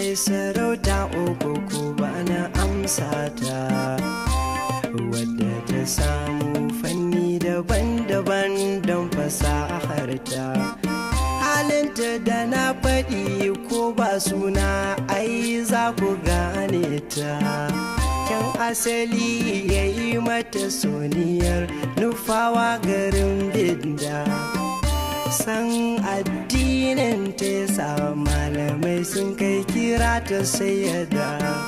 mai sarauta ko ba na amsa ta wadda ta samu fanni daban-daban don fasaharta halinta da na faɗi ko ba suna ai za ku gane ta kyan asali ya yi mata soniyar nufawa garin bidda san addinin ta sa malamai sun kai kira ta da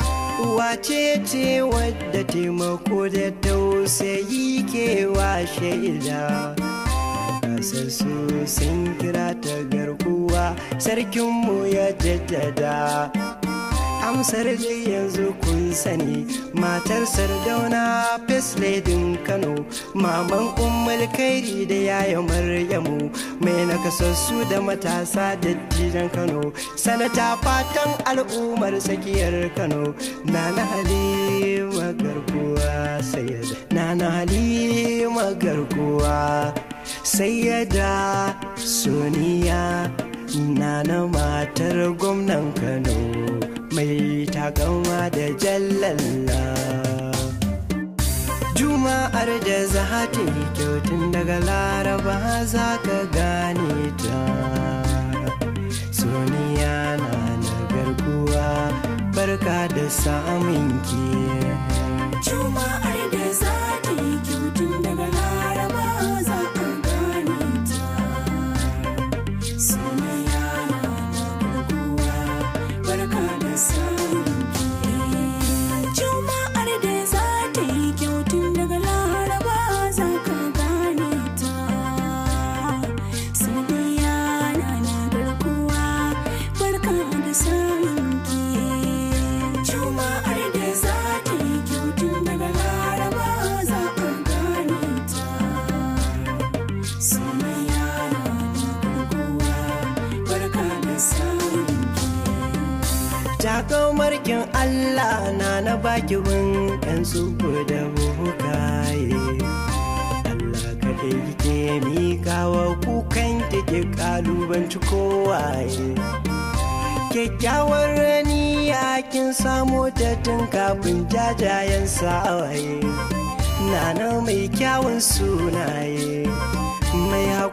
wace ce wadda taimako da tausayi ke wa shaida kasasu sun kira ta garkuwa sarkinmu ya jaddada amsar da yanzu kun sani matar sardauna fesle din kano maman umar kairi da yaya maryamu mai nakasassu da matasa da dattijan kano sanata fatan al'ummar tsakiyar kano na na halima garkuwa sayyada na na halima garkuwa sayyada na matar gwamnan kano mai takama da jallalla juma'ar da za ta yi kyautun daga laraba za ka ga barka da samun ki. Juma'ar da Tako markin Allah na na baki bin ɗan suku da bukaye. Allah ka kaɗai kike mikawa kukan kike ƙalubanci kowaye. Kyakkyawar rani kin samo ta tun kafin jajayen sawaye. Nana mai kyawun sunaye. mai